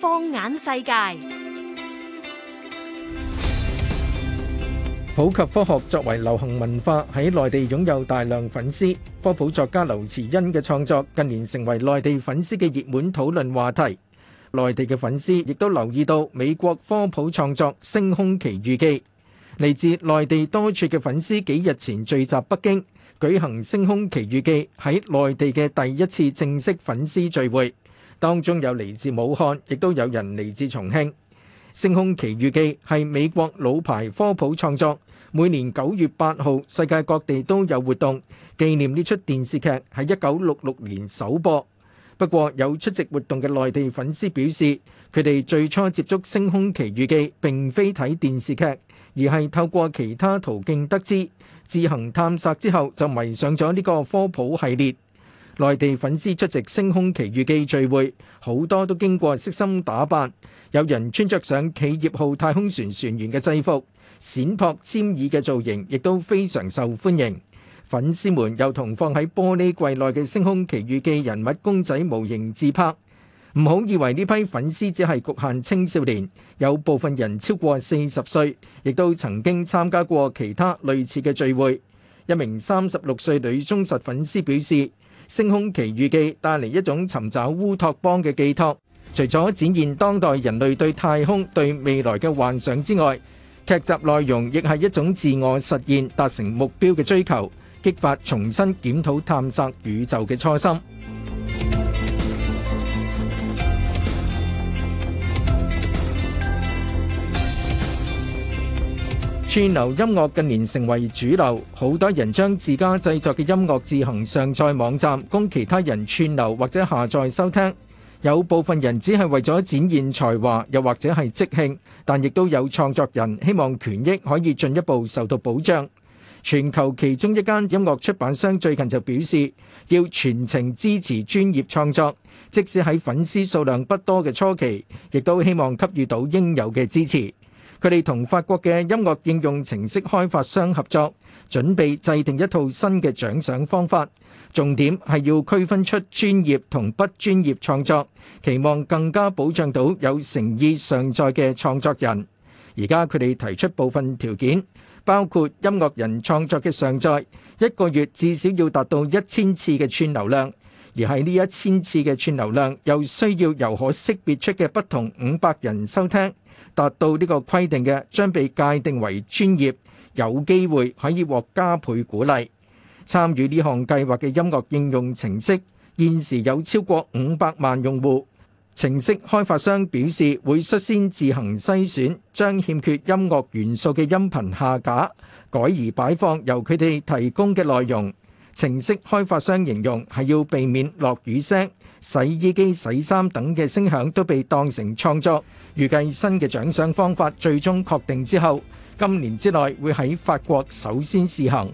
放眼世界，普及科學作為流行文化喺內地擁有大量粉絲。科普作家劉慈欣嘅創作近年成為內地粉絲嘅熱門討論話題。內地嘅粉絲亦都留意到美國科普創作《星空奇遇記》。嚟自內地多處嘅粉絲幾日前聚集北京。舉行《星空奇遇記》喺內地嘅第一次正式粉絲聚會，當中有嚟自武漢，亦都有人嚟自重慶。《星空奇遇記》係美國老牌科普創作，每年九月八號世界各地都有活動。紀念呢出電視劇，喺一九六六年首播。不過有出席活動嘅內地粉絲表示，佢哋最初接觸《星空奇遇記》並非睇電視劇，而係透過其他途徑得知。自行探索之後，就迷上咗呢個科普系列。內地粉絲出席《星空奇遇記》聚會，好多都經過悉心打扮，有人穿着上企業號太空船船員嘅制服，閃撲尖耳嘅造型亦都非常受歡迎。粉絲們又同放喺玻璃櫃內嘅《星空奇遇記》人物公仔模型自拍。唔好以為呢批粉絲只係局限青少年，有部分人超過四十歲，亦都曾經參加過其他類似嘅聚會。一名三十六歲女忠實粉絲表示，《星空奇遇記》帶嚟一種尋找烏托邦嘅寄託。除咗展現當代人類對太空、對未來嘅幻想之外，劇集內容亦係一種自我實現、達成目標嘅追求。激發重新檢討探索宇宙嘅初心。串流音樂近年成為主流，好多人將自家製作嘅音樂自行上載網站，供其他人串流或者下載收聽。有部分人只係為咗展現才華，又或者係即興，但亦都有創作人希望權益可以進一步受到保障。全球其中一間音樂出版商最近就表示，要全程支持專業創作，即使喺粉絲數量不多嘅初期,亦都希望給予到應有嘅支持。佢哋同法國嘅音樂應用程式開發商合作,準備制定一套新嘅獎賞方法。重點係要區分出專業同不專業創作,期望更加保障到有誠意上載嘅創作人。而家佢哋提出部分條件。包括音樂人創作嘅上載，一個月至少要達到一千次嘅串流量，而喺呢一千次嘅串流量又需要由可識別出嘅不同五百人收聽，達到呢個規定嘅，將被界定為專業，有機會可以獲加倍鼓勵。參與呢項計劃嘅音樂應用程式，現時有超過五百萬用戶。程式開發商表示會率先自行篩選，將欠缺音樂元素嘅音頻下架，改而擺放由佢哋提供嘅內容。程式開發商形容係要避免落雨聲、洗衣機、洗衫等嘅聲響都被當成創作。預計新嘅獎賞方法最終確定之後，今年之內會喺法國首先試行。